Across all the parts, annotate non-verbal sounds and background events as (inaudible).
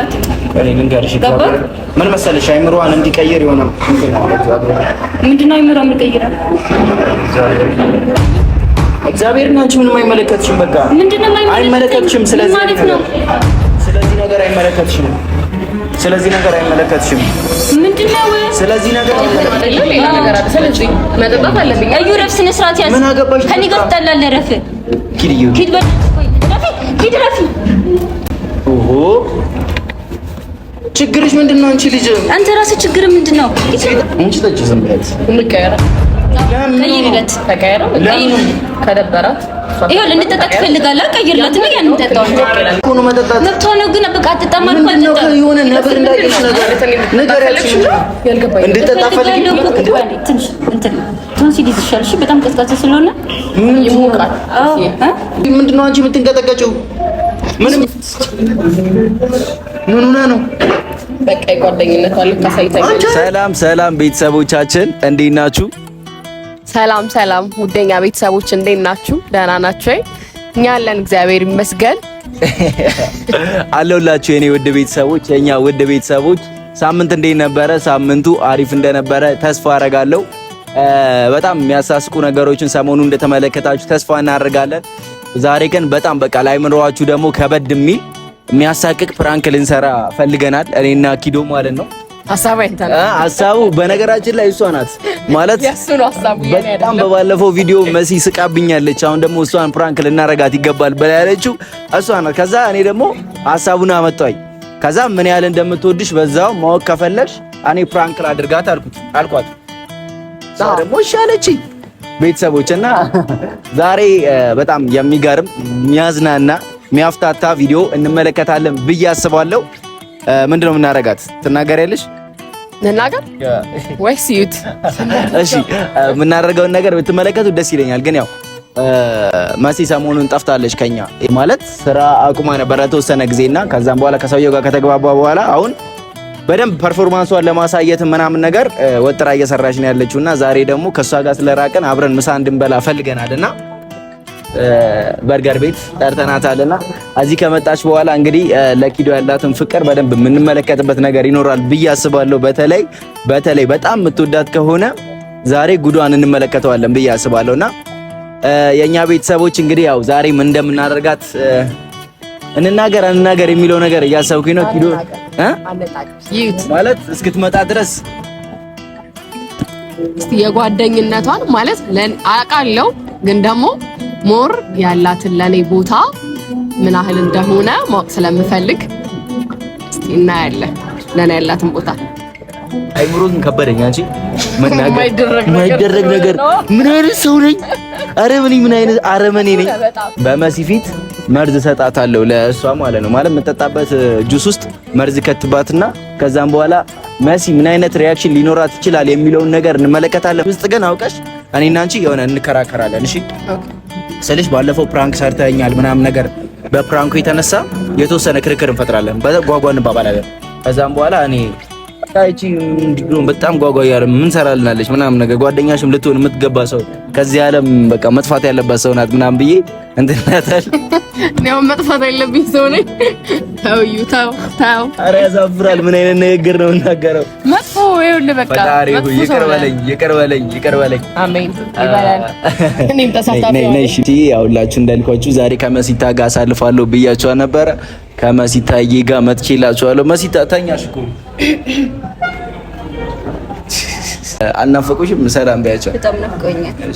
አለባት። ምን መሰለሽ አይምሮዋን እንዲቀይር የሆነ ምንድነው አይምሮ የሚቀይረው? እግዚአብሔር አንቺ ምንም አይመለከትሽም። በቃ ምንድነው አይመለከትሽም። ስለዚህ ማለት ነው ስለዚህ ነገር አይመለከትሽም። ስለዚህ ነገር አይመለከትሽም። ምንድነው? ስለዚህ ነገር ሌላ ነገር ስለዚህ መጠጣት አለብኝ። እዩ ረፍ፣ ስነ ስርዓት ያዝ። ምን አገባሽ? ከኔ ጋር ትጠላለህ። ረፍ ኪድ፣ ኪድ፣ ኪድ፣ ረፍ። ኦሆ ችግርሽ ምንድን ነው? አንቺ ልጅ አንተ ራስህ ችግር ምንድን ነው? አንቺ ጠጪ ዝም ብለሽ እንቀየራለን። ቀይርለት ከደበራት ይሄ እንድጠጣት ትፈልጋለህ? ቀይርለት ነው ያን እንጠጣው እኮ ነው ነው። ግን በቃ አትጠጣም እንዳይሽ ነገር ነገር በጣም ቀዝቃዛ ስለሆነ ይሞቃል። ምንድን ነው አንቺ የምትንቀጠቀጪው? ምንም ምን ነው? በቃ ልክ ሰላም ሰላም ቤተሰቦቻችን እንዴት ናችሁ? ሰላም ሰላም ውደኛ ቤተሰቦች እንዴት ናችሁ? ደህና ናችሁ? እኛ አለን እግዚአብሔር ይመስገን አለሁላችሁ። የኔ ውድ ቤተሰቦች የኛ ውድ ቤተሰቦች ሳምንት እንዴት ነበረ? ሳምንቱ አሪፍ እንደነበረ ተስፋ አረጋለሁ። በጣም የሚያሳስቁ ነገሮችን ሰሞኑ እንደተመለከታችሁ ተስፋ እናደርጋለን። ዛሬ ግን በጣም በቃ ላይምሯችሁ ደግሞ ከበድ የሚል የሚያሳቅቅ ፕራንክ ልንሰራ ፈልገናል። እኔና ኪዶ ማለት ነው። ሀሳቡ በነገራችን ላይ እሷ ናት ማለት በጣም በባለፈው ቪዲዮ መሲ ስቃብኛለች። አሁን ደግሞ እሷን ፕራንክ ልናረጋት ይገባል ብላ ያለችው እሷ ናት። ከዛ እኔ ደግሞ ሀሳቡን አመጣኝ። ከዛ ምን ያህል እንደምትወድሽ በዛው ማወቅ ከፈለሽ እኔ ፕራንክ ላድርጋት አልኩት አልኳት። ደግሞ እሺ አለችኝ። ቤተሰቦች እና ዛሬ በጣም የሚገርም የሚያዝናና የሚያፍታታ ቪዲዮ እንመለከታለን ብዬ አስባለሁ። ምንድነው ነው የምናደርጋት? ትናገሪያለሽ? መናገር ወይስ ዩት? እሺ የምናደርገውን ነገር ብትመለከቱ ደስ ይለኛል። ግን ያው መሲ ሰሞኑን ጠፍታለች ከኛ ማለት ስራ አቁማ ነበረ ተወሰነ ጊዜና ከዛም በኋላ ከሰውየው ጋር ከተግባባ በኋላ አሁን በደንብ ፐርፎርማንሷን ለማሳየት ምናምን ነገር ወጥራ እየሰራች ነው ያለችው እና ዛሬ ደግሞ ከእሷ ጋር ስለራቀን አብረን ምሳ እንድንበላ ፈልገናል እና በርገር ቤት ጠርተናታል እና እዚህ ከመጣች በኋላ እንግዲህ ለኪዶ ያላትን ፍቅር በደንብ የምንመለከትበት ነገር ይኖራል ብዬ አስባለሁ። በተለይ በተለይ በጣም የምትወዳት ከሆነ ዛሬ ጉዷን እንመለከተዋለን ብዬ አስባለሁ እና የእኛ ቤተሰቦች እንግዲህ ያው ዛሬም እንደምናደርጋት እንናገር እንናገር የሚለው ነገር እያሰብኩኝ ነው። ኪዶ ማለት እስክትመጣ ድረስ እስቲ የጓደኝነቷን ማለት አውቃለሁ፣ ግን ደግሞ ሞር ያላትን ለኔ ቦታ ምን ያህል እንደሆነ ማወቅ ስለምፈልግ እስቲ እናያለን። ለኔ ያላትን ቦታ አይምሮን ከበደኝ። አንቺ የማይደረግ ነገር ምን አይነት ሰው ነኝ? አረመኔ ምን አይነት አረመኔ ነኝ በመሲ ፊት መርዝ ሰጣታለሁ ለእሷ ማለት ነው። ማለት የምጠጣበት ጁስ ውስጥ መርዝ ከትባትና ከዛም በኋላ መሲ ምን አይነት ሪያክሽን ሊኖራት ይችላል የሚለውን ነገር እንመለከታለን። ውስጥ ግን አውቀሽ እኔና አንቺ የሆነ እንከራከራለን። እሺ ስልሽ ባለፈው ፕራንክ ሰርተኛል ምናምን ነገር በፕራንኩ የተነሳ የተወሰነ ክርክር እንፈጥራለን፣ ጓጓ እንባባላለን። ከዛም በኋላ እኔ ቻይቺ በጣም ጓጓ ያለ ምን ሰራልናለች ምናምን ነገር ጓደኛሽም ልትሆን የምትገባ ሰው ከዚህ ዓለም በቃ መጥፋት ያለባት ሰው ናት ምናምን ብዬ እንትናታል ናታል። መጥፋት ያለብኝ ሰው ነኝ። ተው እዩ፣ ታው። ተው። ኧረ ያሳፍራል። ምን አይነት ንግግር ነው እናገረው? መጥፎ ይኸውልህ፣ በቃ ፈጣሪ ሆይ ይቅር በለኝ፣ ይቅር በለኝ፣ ይቅር በለኝ። አሜን ይባላል። እኔም ተሳታፊ ነኝ። እሺ፣ ያውላችሁ እንዳልኳችሁ ዛሬ ከመሲታ ጋር አሳልፋለሁ ብያችኋ ነበረ። ከመሲታዬ ጋር መጥቼላችኋለሁ። መሲታ ተኛሽ እኮ አናፈቁሽም? ሰላም ቢያቸው በጣም ናፍቆኛል።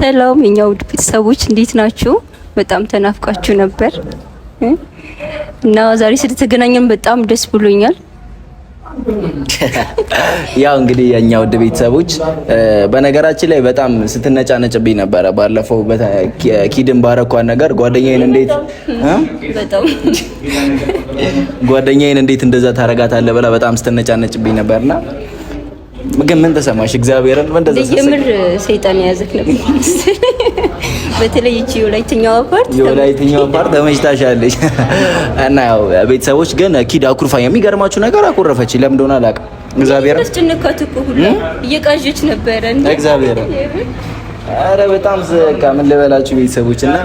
ሰላም የኛ ውድ ቤተሰቦች እንዴት ናችሁ? በጣም ተናፍቃችሁ ነበር እና ዛሬ ስለተገናኘን በጣም ደስ ብሎኛል። (laughs) ያው እንግዲህ የኛ ውድ ቤተሰቦች በነገራችን ላይ በጣም ስትነጫነጭብኝ ነበረ። ባለፈው ኪድን ባረኳን ነገር ጓደኛዬን እንዴት ጓደኛዬን እንዴት እንደዛ ታረጋታለ ብላ በጣም ስትነጫነጭብኝ ነበርና ግን ምን ተሰማሽ? እግዚአብሔርን ምን ተሰማሽ? የምር ሰይጣን የያዘክ ነበር በተለይ እቺ ወላይተኛዋ ፓርት የወላይተኛዋ ፓርት ተመችታሻለች። (laughs) እና ያው ቤተሰቦች ግን ኪድ አኩርፋ፣ የሚገርማችሁ ነገር አኩረፈች። ለምን እንደሆነ አላውቅም። እግዚአብሔር አስጨነቃት እኮ ሁሉ እየቃዠች ነበረ። እግዚአብሔር አረ በጣም በቃ ምን ልበላችሁ ቤተሰቦች እና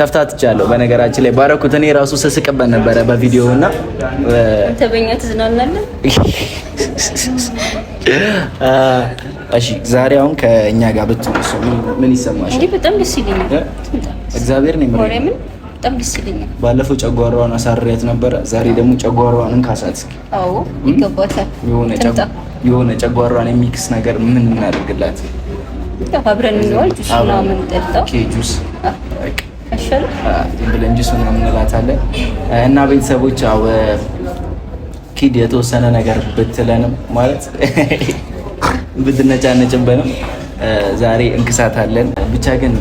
ተፍታትቻለሁ። በነገራችን ላይ ባረኩት እኔ ራሱ ስስቅበት ነበረ በቪዲዮ እና ተበኛ ትዝናናለን (laughs) እሺ ዛሬ አሁን ከእኛ ጋር ብትነሱ ምን ይሰማሽ? እንዴ በጣም ደስ ይለኛል። እግዚአብሔር ነው ምሬ ምን በጣም ደስ ይለኛል። ባለፈው ጨጓራዋን አሳሪያት ነበረ። ዛሬ ደግሞ ጨጓራዋን እንካሳት። አዎ ይገባታል። የሆነ ጨጓራዋን የሚክስ ነገር ምን እናደርግላት? አብረን እንዋል። ጁስ ምናምን ጠጣ። ኦኬ ጁስ ብለን ጁስ ምናምን እንላታለን እና ቤተሰቦች ኪድ የተወሰነ ነገር ብትለንም ማለት ብትነጫነጭብንም ዛሬ እንክሳት አለን። ብቻ ግን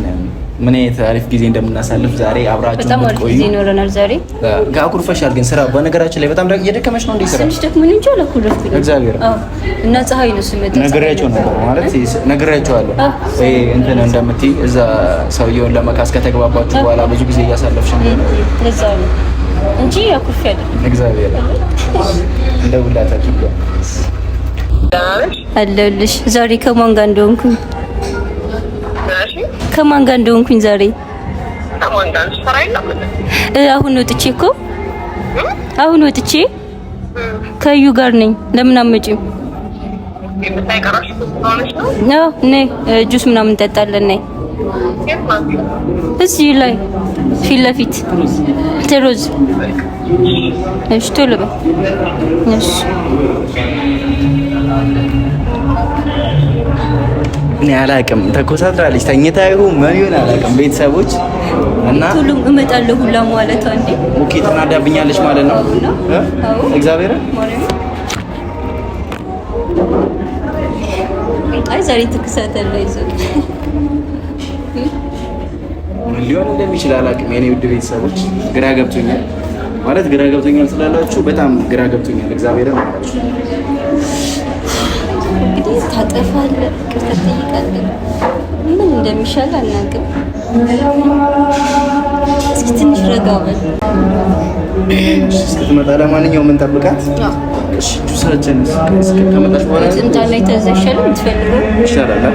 ምን አይነት አሪፍ ጊዜ እንደምናሳልፍ ዛሬ አብራችሁ የምትቆዩ ይኖረናል። ዛሬ አኩርፈሻል፣ ግን ስራ በነገራችን ላይ በጣም እየደከመሽ ነው። እንዴት ስራ ትንሽ እግዚአብሔር እና ነው ማለት ነግሬያቸዋለሁ። ይሄ እንትን እንደምትይ እዛ ሰውየውን ለመካስ ከተግባባችሁ በኋላ ብዙ ጊዜ እያሳለፍሽ ነው እንጂ አኩርፍ ያለ እግዚአብሔር እንደውላታችሁ አለሁልሽ። ዛሬ ከማን ጋር እንደሆንኩኝ ከማን ጋር እንደሆንኩኝ ዛሬ ከማን ጋር አሁን ወጥቼ እኮ አሁን ወጥቼ ከዩ ጋር ነኝ። ለምን አትመጪም? ነው ነይ፣ ጁስ ምናምን እንጠጣለን። ነይ እዚህ ላይ ፊት ለፊት ትሮዝ። እሺ ቶሎ በይ። እሺ እኔ አላቅም። ተኮሳትራለች ተኝታ ይሁን ምን ይሁን አላቅም። ቤተሰቦች እና ሁሉም እመጣለሁ ሁላ ማለት አንዴ ኦኬ፣ ትናዳብኛለች ማለት ነው። እግዚአብሔር አይ ዛሬ ትክሳተለ ሊሆን እንደሚችል አላቅም። የኔ ውድ ቤተሰቦች ግራ ገብቶኛል ማለት ግራ ገብቶኛል ስላላችሁ በጣም ግራ ገብቶኛል። እግዚአብሔር ነው ታጠፋለህ፣ ይቅርታ ትጠይቃለህ። ምን እንደሚሻል አናውቅም። እስኪ ትንሽ ረጋ በል። እስክትመጣ ለማንኛውም እንጠብቃት። ጭምጫ ላይ ተዘሻል የምትፈልገው ይሻላል።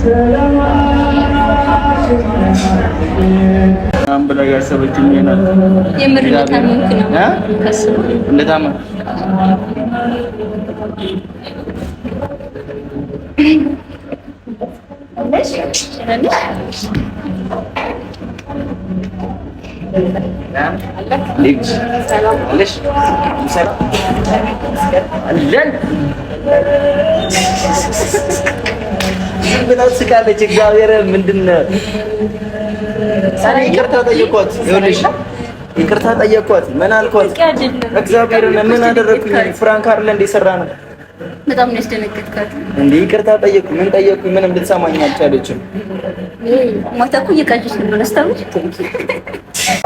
Thank ምናምን ብላ ያሰበችው ይሆናል። የምር እንደታመምክ ነው ስቃለች። እግዚአብሔር ምንድን ነው ሰኔ ይቅርታ ጠየኳት። ይኸውልሽ ይቅርታ ጠየኳት። ምን አልኳት? እግዚአብሔርን ምን አደረግኩኝ? ፍራንክ አይደለ እንደ ሰራ ነው። በጣም ነው ያስደነገጥካት እንዴ? ይቅርታ ጠየኩ። ምን ጠየኩ? ምንም ልትሰማኝ አልቻለችም። ሞተኩ እየቀጀች ነው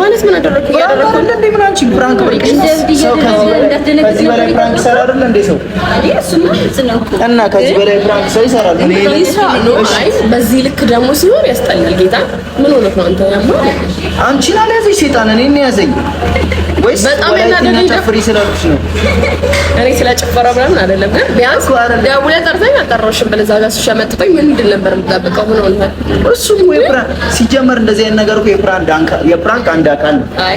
ማለት ምን አደረኩ? ያደረኩ እንደ ምን አንቺ ብራንክ ነው ከዚህ ከዚህ በላይ ብራንክ ሰው ይሰራል። በዚህ ልክ ደግሞ ሲሆን ያስጠላል። ጌታ ምን ሆነህ ነው አንተ? አንቺን አልያዘሽ ሴጣን እኔን ያዘኝ። ወይስ በጣም ያናደደኝ ነው። እኔ ስለ ምናምን አይደለም፣ ግን ቢያንስ ደውለህ አልጠራሁሽም ብለህ እዛ ጋር ነበር የምጠብቀው? ምን ሆነ እሱም? ወይ ሲጀመር እንደዚህ አይነት ነገር እኮ የፕራንክ አንድ አካል ነው። አይ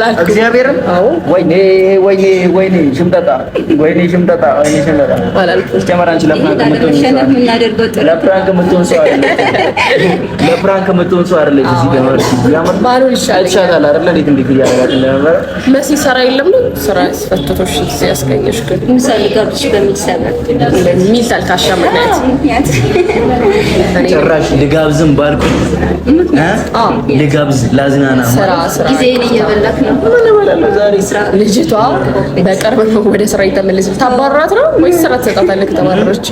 አላልኩም። ወይኔ ወይኔ ወይኔ ሽምጠጣ ወይኔ ሽምጠጣ ወይኔ ሽምጠጣ አላልኩም። (laughs) መሲ ስራ የለም ነው ስራ ያስገኘሽ ግን ምክንያት ጭራሽ ልጋብዝም ባልኩ ልጋብዝ ላዝናና ጊዜን እየበላክ ነው ልጅቷ በቅርብ ወደ ስራ የተመለሰች ታባራት ነው ወይስ ስራ ትሰጣታለህ? ከተባረረች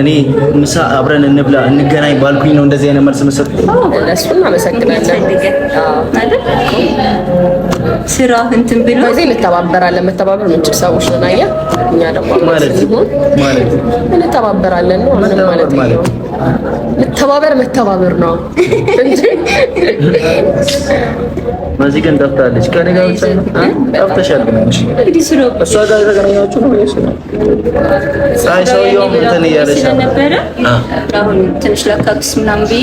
እኔ ምሳ አብረን እንብላ እንገናኝ ባልኩኝ ነው እንደዚህ አይነት መልስ መሰጥ። ስራ እንትን ብሎ በዚህ እንተባበራለን። መተባበር ምንችል ሰዎች ነን። አየህ እኛ ደግሞ ማለት እንተባበራለን ነው ማለት መተባበር መተባበር ነው እንጂ ማዚ ግን ጠፍታለች። ከኔ ጋር ብቻ ጠፍተሻል። እሷ ጋር የተገናኛችሁ ነው ወይስ ነው? ፀሐይ ሰውየውም እንትን እያለች አሁን ትንሽ ለካክስ ምናምን ብዬ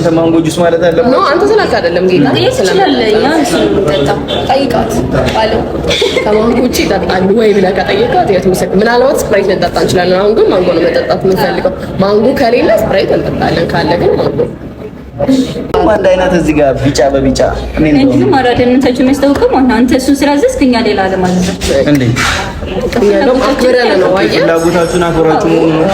አንተ ማንጎ ጁስ ማለት አለ ነው። አንተ ስላልክ አይደለም ጌታ ጠይቃት አለው። ከማንጎ ውጪ ይጠጣሉ ወይ ብለህ ከጠየቃት ምናልባት ስፕራይት ልንጠጣ እንችላለን። አሁን ግን ማንጎ ነው መጠጣት የምንፈልገው። ማንጎ ከሌለ ስፕራይት እንጠጣለን፣ ካለ ግን ማንጎ አንድ አይነት እዚህ ጋር ቢጫ በቢጫ እኔ እንደውም አራደነታችን የሚያስታውቀው አንተ እሱን ስላዘዝክ እኛ ሌላ አለ ማለት ነው። እንዴ ፍላጎታችሁን አክብራችሁ መሆኑ ነው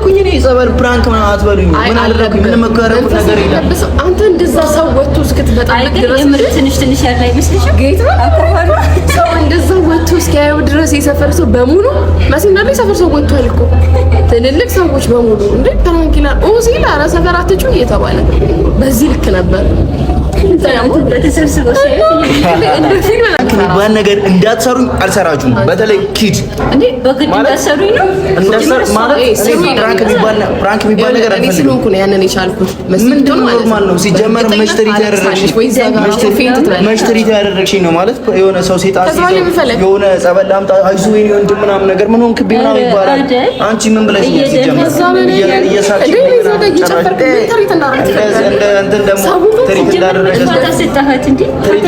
አደረኩኝ እኔ ጸበል ፕራንክ ምናምን አትበሉኝ። ምን አደረኩኝ? ምንም መከረኩት ነገር የለም። አንተ እንደዛ ሰው ወጥቶ እስክትበጣልቅ ድረስ ትንሽ ትንሽ ያለ አይመስልሽም? ጌታ አቆፋሉ ሰው እንደዛ ወጥቶ እስኪያየው ድረስ የሰፈር ሰው በሙሉ መሲ ላይ ሰፈር ሰው ወጥቷል እኮ ትልልቅ ሰዎች በሙሉ እንዴ ተራንኪላ ኦዚላ ኧረ ሰፈር አትጩ እየተባለ በዚህ ልክ ነበር የሚባል ነገር እንዳትሰሩኝ አልሰራችሁም። በተለይ ኪድ ፕራንክ የሚባል ነገር ኖርማል ነው። ሲጀመር መች ያደረግሽኝ ነው ማለት የሆነ ሰው ሴጣን የሆነ ጸበል ላምጣ አይዞህ የእኔ ወንድም ምናምን ነገር ምን ሆንክ ምናምን ይባላል። አንቺ ምን ብለሽ ሲጀመር ትሪት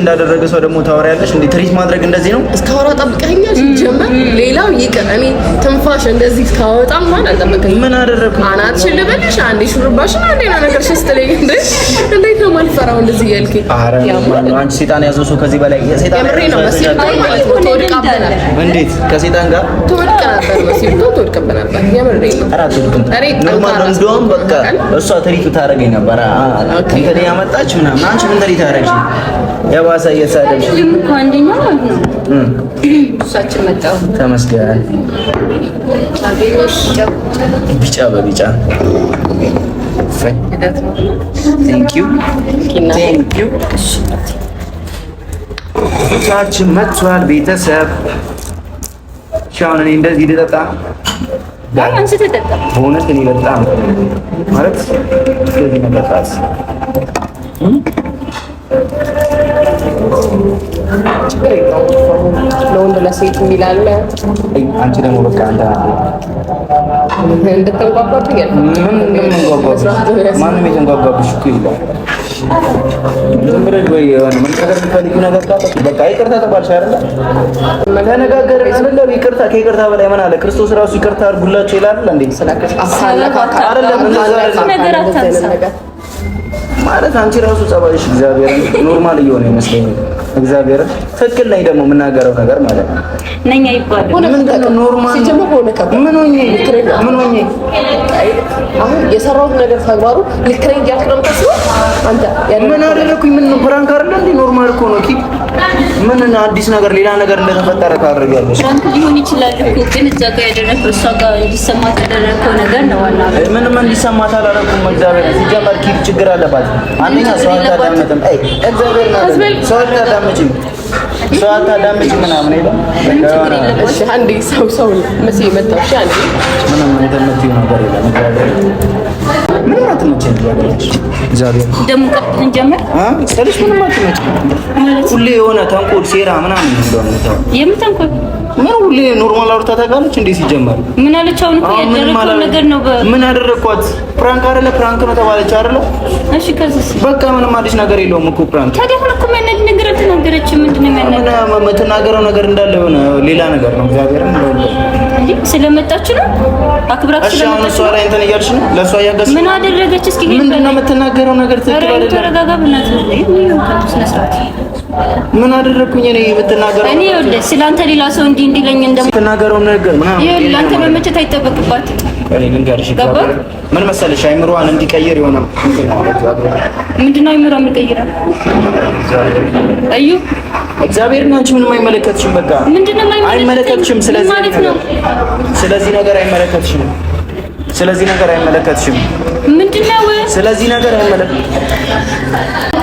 እንዳደረገ ሰው ደግሞ ታወሪያለሽ። እንደ ትሪት ማድረግ እንደዚህ ነው። እስካወራ ጠብቀኸኛል። ሲጀመር ሌላው ይቅር። እኔ ትንፋሽ እንደዚህ እስካወጣ ማን አልጠበቀኝም። ምን አደረግኩ? አናትሽን ልበልሽ፣ አንዴ ሹርባሽን፣ አንዴ ና ነገር ስትለኝ እንዴት ነው የማልፈራው? እንደዚህ እያልከኝ አንቺ ሴጣን ያዘው ሰው ከዚህ በላይ የምሬን ነው። መሲብ ትወድቃ ነበር። እንዴት ከሴጣን ጋር ትወድቃ ነበር? መሲብ ትወድቅብ ነበር። የምሬን ነው። ኧረ አትወድቅም። ነው። እንደውም በቃ እሷ ትሪት ታደርገኝ ነበር እንግዲህ ያመጣች ምናምን አንቺ ምን ተሪ ታረጂ የባሰ እየተሳደብሽ እኮ አንደኛ ማለት ነው። እሳችን መጣው ተመስገን። ቢጫ በቢጫ ቴንክ ዩ ቴንክ ዩ። መጥቷል ቤተሰብ ሻውን እኔ እንደዚህ ልጠጣ አንስተ ጠጣ። በእውነት እኔ በጣም ማለት ስለዚህ ነገር ለወንድ ለሴት የሚላለ አንቺ ደግሞ በቃ አንተ እንድትንጓጓብ ማንም የተንጓጓብሽ እኮ ይላል ይቅርታ ተባልሽ አይደለ? ተነጋገር ከይቅርታ በላይ ምን አለ? ክርስቶስ ራሱ ይቅርታ አድርጉላቸው ይላል እንዴ ማለት አንቺ ራሱ ጸባይሽ እግዚአብሔርን ኖርማል እየሆነ ይመስለኛል እግዚአብሔር ትክክል ላይ ደግሞ የምናገረው ነገር ማለት ነው። ኖርማል ነኛ ይባላል የሰራሁት ነገር ተግባሩ ልክ ነኝ እያልክ ነው የምታስበው አንተ። ያን ምን አደረኩኝ? ምን ፕራንክ አይደለ እንዴ? ኖርማል እኮ ነው። ምን አዲስ ነገር ሌላ ነገር እንደተፈጠረ ታደርጋለህ። ፕራንክ ሊሆን ይችላል እኮ ግን እዛ ጋር ያደረኩ እሷ ጋር እንዲሰማት ያደረኩት ነገር ነው። ዋና ምንም እንዲሰማት አላደረኩም። እግዚአብሔር ሲጀመር ችግር አለባት። አንደኛ ሰው አታዳምጥም። አይ እግዚአብሔር ነው ሰው አታዳምጪም፣ ሰው አታዳምጪም ምናምን የለም። እሺ አንዴ ሰው ሰው መሲ መጣው። እሺ አንዴ ምንም የምትይው ነገር የለም። ምንም አትመጪም። ምንም አትመጪም። ሁሌ የሆነ ተንኮል፣ ሴራ ምናምን ነው የምታው ምን ሁሌ ኖርማል አውርታ ታውቃለች እንዴ? ሲጀመር ምን አለች? አሁን እኮ ያደረገው ነገር ነው። ምን አደረኳት? ፕራንክ አይደለ? ፕራንክ ነው ተባለች አይደለ? እሺ፣ ከዚህ በቃ ምንም አዲስ ነገር የለውም እኮ ፕራንክ። ታዲያ አሁን እኮ ምን ነገር ተናገረች? ምንድን ነው ምን የምትናገረው ነገር እንዳለ የሆነ ሌላ ነገር ነው። ነው እንዴ ስለመጣች ነው አክብራት ስለመጣች ነው። እሷ ላይ እንትን እያልሽ ነው። ለእሷ እያገዝሽ ምን አደረገች? እስኪ ምንድን ነው የምትናገረው ነገር ትክክል አይደለም። ተረጋጋ፣ ብናት ነው በእናትህ ነው ስርዓት ምን አደረግኩኝ እኔ የምትናገረው? እኔ ይኸውልህ ስለአንተ ሌላ ሰው እንዲህ እንዲለኝ እንደምትናገረው ነገር ምናምን ይኸውልህ አንተ መመቸት አይጠበቅባትም። እኔ ልንገርሽ ገባህ? ምን መሰለሽ አይምሮዋን እንዲቀይር የሆነ ምንድን ነው አይምሮዋን እንዲቀይራል። እዩ እግዚአብሔርን አንቺ ምንም አይመለከትሽም። በቃ ምንድን ነው አይመለከትሽም። ስለዚህ ማለት ነው ስለዚህ ነገር አይመለከትሽም። ስለዚህ ነገር አይመለከትሽም። ምንድነው? ስለዚህ ነገር አይመለከትሽም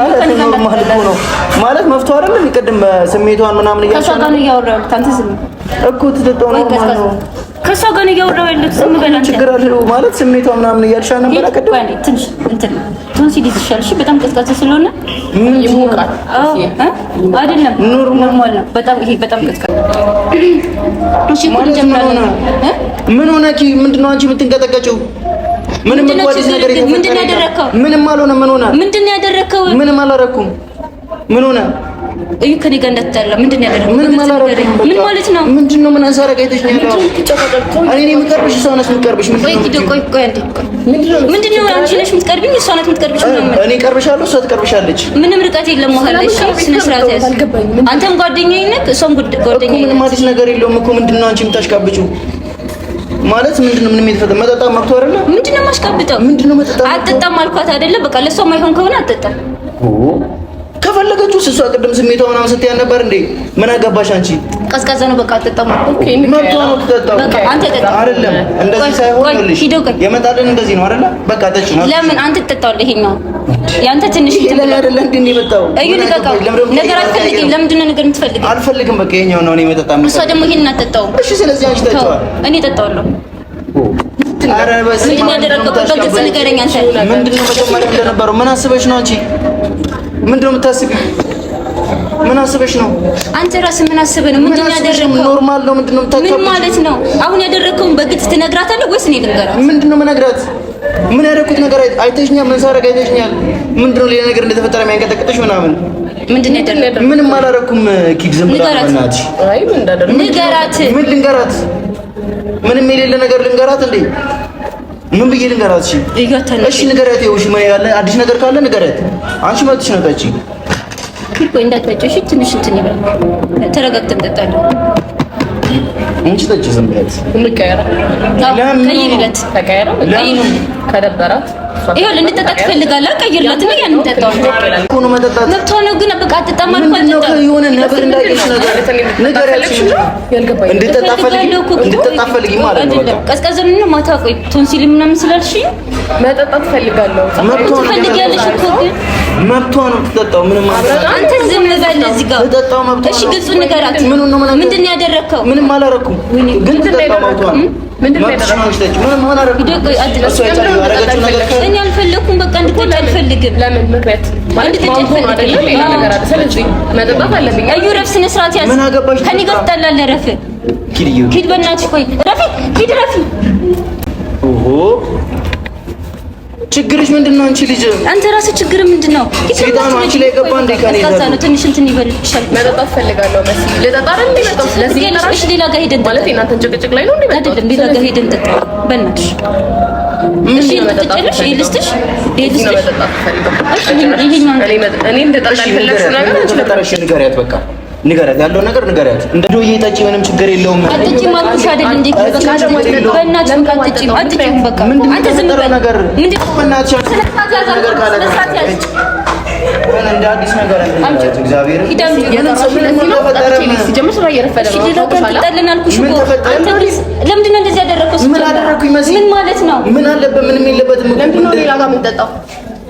ነው ማለት መፍቶ አይደለም የሚቀድም ስሜቷን ምናምን ከእሷ ጋር ነው እያወራሁ ያሉት። ዝም እኮ ማለት ነው። ከእሷ ጋር ነው እያወራሁ ያሉት። ዝም በል አንተ። ችግር አለው ማለት ስሜቷ ምናምን እያልሽ ነበር። ቀድም ትንሽ እንትን ቶንሲል ይዝሻል። እሺ፣ በጣም ቀዝቃዛ ስለሆነ አይደለም ኖርማል ነው። በጣም ይሄ በጣም ቀዝቃዛ (clears throat) እሺ። ምን ሆነ? ምንድን ነው አንቺ የምትንቀጠቀጭው? ምንም ወዲህ ነገር ምንድን ያደረከው? ምንም አልሆነም። ምን ሆነ? ምንድን ያደረከው? ምንም አላደረኩም። ምን ሆነ? እዩ ከኔ ጋር እንዳትጣላ። ምንድን ያደረገው? ምን ማለት ነው? ምንድን ነው? ምን አንሳር ጋይተሽ ነው ያለው? እኔ ነኝ የምትቀርብሽ? እሷ ናት የምትቀርብሽ? ምንድን ነው? ቆይ ቆይ፣ ምንድን ነው? አንቺ ነሽ የምትቀርብኝ? እሷ ናት የምትቀርብሽ? እኔ እቀርብሻለሁ፣ እሷ ትቀርብሻለች። ምንም ርቀት የለም መሀል ላይ። ስነ ስርዓት ያዝ። አንተም ጓደኛዬ ነህ፣ እሷም ጓደኛዬ ነህ። ምንም አዲስ ነገር የለውም እኮ። ምንድን ነው አንቺ የምታሽቃብጪው? ማለት ምንድነው? ምንም የተፈጠረ መጠጣ መብቶ አይደለ? ምንድነው ማሽቀብጠው? ምንድነው መጠጣ? አትጠጣም አልኳት አይደለ? በቃ ለሷ ማይሆን ከሆነ አትጠጣም። ከፈለገችው እሷ ቅድም ስሜቷ ምናምን ስትያል ነበር እንዴ። ምን አገባሽ አንቺ? ቀዝቃዛ ነው በቃ አትጠጣም። ኦኬ መብቷ ነው ትጠጣው። አንተ ጠጣ አይደለም እንደዚህ ሳይሆን ልሽ የመጣልን እንደዚህ ነው አይደለ? በቃ ነው። ለምን አንተ ያንተ ትንሽ እንዴ እዩ ነው ነገር የምትፈልገው? አልፈልግም። በቃ ይሄኛው ነው ነው እሷ ይሄን እሺ፣ ስለዚህ አንቺ እኔ ነው መጀመሪያ እንደነበረው ምን አስበሽ ነው አንቺ? ምንድነው የምታስቢ? ምን አስበሽ ነው? አንተ ራስህ ምን አስበህ ነው? ምንድን ነው ያደረግከው? ኖርማል ነው። ምንድን ነው የምታውቀው? ምን ማለት ነው? አሁን ያደረግከውን በግልጽ ትነግራታለህ ወይስ እኔ ልንገራት? ምንድን ነው የምነግራት? ምን ያደረኩት ነገር አይተሽኛል። ምን ሳደርግ አይተሽኛል። ምንድን ነው ሌላ ነገር እንደተፈጠረ የሚያንቀጠቅጥሽ ምናምን? ምንድን ነው ያደረግከው? ምንም አላደረኩም። ኪድ ዝም ብላ እናትሽ። አይ ምን ልንገራት? ምንም የሌለ ነገር ልንገራት እንዴ? ምን ብዬ ልንገራት? እሺ ንገረት። ይኸውልሽ ያለ አዲስ ነገር ካለ ንገረት። አንቺ መጥሽ ነጠጪ ኪርኮ እንዳታጨው። እሺ ትንሽ እንትን ይበል፣ ተረጋግተን እንጠጣለን። አንቺ ጠጪ ዝም ብለት እንቀየረ ለምን ተቀየረ ከደበራት ይኸውልህ እንድጠጣ ትፈልጋለህ፣ ቀይርለት ነው። ያን እንጠጣው እኮ ነው መጠጣት መብቷ ነው። ግን በቃ አትጠጣም አልኳት። ቀዝቀዝ ምንም ማታ ቆይ ቶንሲል ምናምን ስላልሽኝ መጠጣት ፈልጋለሁ። መብቷ ነው የምትጠጣው። ምንም አንተ ዝም በል እዚህ ጋር ትጠጣው መብቷ ነው። እሺ ግልጹን ንገራት። ምንድን ነው ያደረከው? ምንም አላደረኩም፣ ግን ትጠጣው መብቷ ነው። እኔ አልፈለኩም። በቃ እንድትሄጂ አልፈልግም። ለምን ምክንያት ችግርሽ ምንድን ነው? አንቺ ልጅ አንተ ራስህ ችግር ምንድን ነው? ሴጣን አንቺ ላይ ገባ እንዴ? ከኔ ነው ትንሽ እንትን ይበልሻል። መጠጣት ፈልጋለሁ መሲ ልጠጣ አይደል? እሺ፣ ሌላ ጋር ሄደን ማለት እናንተን ጭቅጭቅ ላይ ነው እንዴ? አይደለም፣ ሌላ ጋር ሄደን ጠጣ። በእናትሽ እሺ፣ ልትጨርሽ ይልስትሽ ይልስትሽ እኔ እንደ ጠጣ ልፈለግሽ ነገር አንቺ ለጠረሽ ነገር ያት በቃ ንገረት ያለው ነገር ንገሪያችሁ። እንደ ጆዬ ጠጪ ምንም ችግር የለውም። አጥጪ ማልኩሽ አይደል እንዴ? በቃ በእናትሽ በቃ በቃ አንተ ዝም ነገር ነው ምን እንደ አዲስ ነገር አይደለም። ምን ማለት ነው? ምን አለበት? ምንም የለበትም።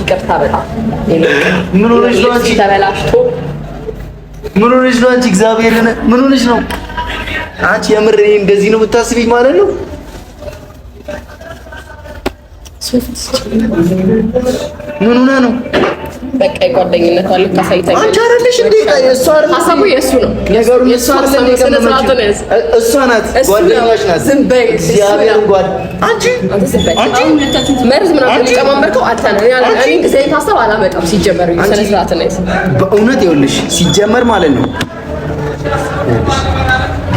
ይቅርታ ነው? ተበላሽቶ ምን ሆነሽ ነው? አንቺ እግዚአብሔርን ምን ሆነሽ ነው? አንቺ የምር እኔ እንደዚህ ነው የምታስቢኝ ማለት ነው? ምን ሆነ ነው? በቃ የጓደኝነት ማለት ታሳይታኝ። አንቺ አይደለሽ እንዴ? እሱ አይደል? ሀሳቡ የእሱ ነው። ነገሩ የእሱ አይደል? እሷ ናት፣ ጓደኛሽ ናት። ዝም በይ እግዚአብሔር። ጓድ አንቺ አንቺ መርዝ ምን ምናምን ሊጨማመርከው አልታነ እኔ ግዜ ሀሳብ አላመጣም። ሲጀመር ስነ ስርዓት ነው በእውነት ይኸውልሽ፣ ሲጀመር ማለት ነው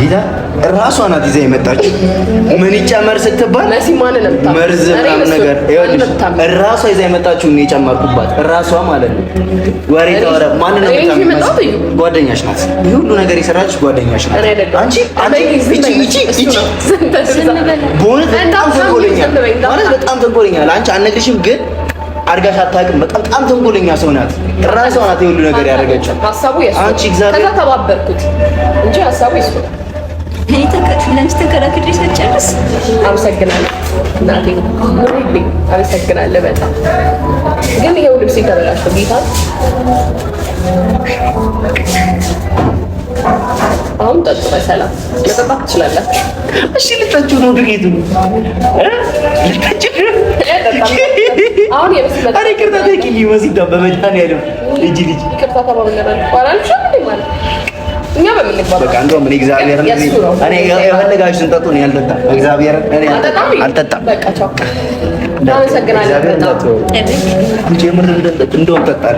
ዲዛ ራሷ ናት ይዛ የመጣችው። ምን ይጨመር ስትባል መርዝ ምናምን ነገር ይኸውልሽ፣ ራሷ ይዛ የመጣችው ነው የጨመርኩባት። ራሷ ማለት ነው። ወሬ ተወረ። ማን ነው ጓደኛሽ ናት። ሁሉ ነገር የሰራችሽ ጓደኛሽ ናት። አንቺ በጣም ተንኮለኛ አንቺ አነቅሽም ግን አድጋሽ አታውቅም። በጣም በጣም ተንኮለኛ ሰው ናት። ራሷ ናት የሁሉ ነገር ያደረገችው። ሀሳቡ የእሱ ከዛ ተባበርኩት እንጂ ሀሳቡ የእሱ ለአንቺ ተከራክሬ ሳጨርስ አመሰግናለሁ እናቴ አመሰግናለሁ በጣም ግን ይኸው ልብስ የተበላሸው ጌታ አሁን ጠጡ በሰላም መጠጣት ትችላላችሁ እሺ ልታችሁ ነው ድርጊቱ አሁን የመስመር ቅርታ ተቂይ ወሲዳ በመድኃኒዓለም እጅ ልጅ ቅርታ ተባብለናል ባላልሽ እንዴ ማለት እኛ በምንባለው በቃ እንደውም እኔ እግዚአብሔርን እኔ የፈለጋችሁትን ጠጡ፣ እኔ አልጠጣም። እግዚአብሔርን እኔ አልጠጣም። በቃ ቻው። እንደውም ጠጣለሁ፣ እንደውም ጠጣለሁ፣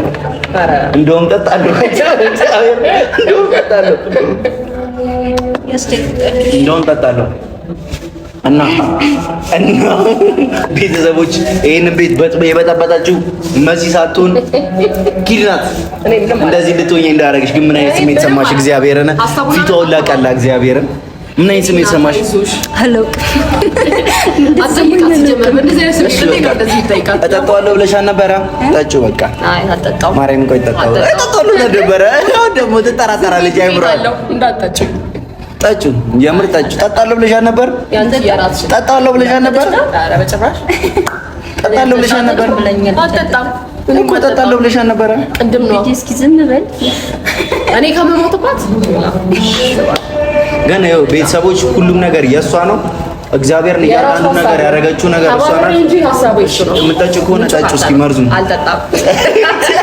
እንደውም ጠጣለሁ (laughs) እና እና ቤተሰቦች ይህንን ቤት የበጠበጣችሁ መሲ ሳትሆን ኪድ ናት። እንደዚህ ልትሆኝ እንዳደረገች ግን ምን አይነት ስሜት ሰማሽ? እግዚአብሔርን ፊቷ ሁላ ቀላ። እግዚአብሔርን ምን አይነት ስሜት ሰማሽ? እጠጣዋለሁ ብለሻል ነበረ። ጠጪው በቃ ማርያምን ቆይ፣ እጠጣዋለሁ ነበረ። ደግሞ ትጠራጠራለች አይምሯል ጠጪ የምር ጠጪ። ጠጣለሁ ብለሻል ነበር ጠጣለሁ ብለሻል ነበር ጠጣለሁ ብለሻል ነበር እኮ ጠጣለሁ ብለሻል ነበር። ቅድም ነው እስኪ ዝም በል እኔ ከመሞትባት ግን ይኸው ቤተሰቦች ሁሉም ነገር የእሷ ነው። እግዚአብሔር ነው ነገር ያደረገችው ነገር እሷ ናት። የምጠጪው ከሆነ ጠጪው እስኪ አልጠጣም (laughs)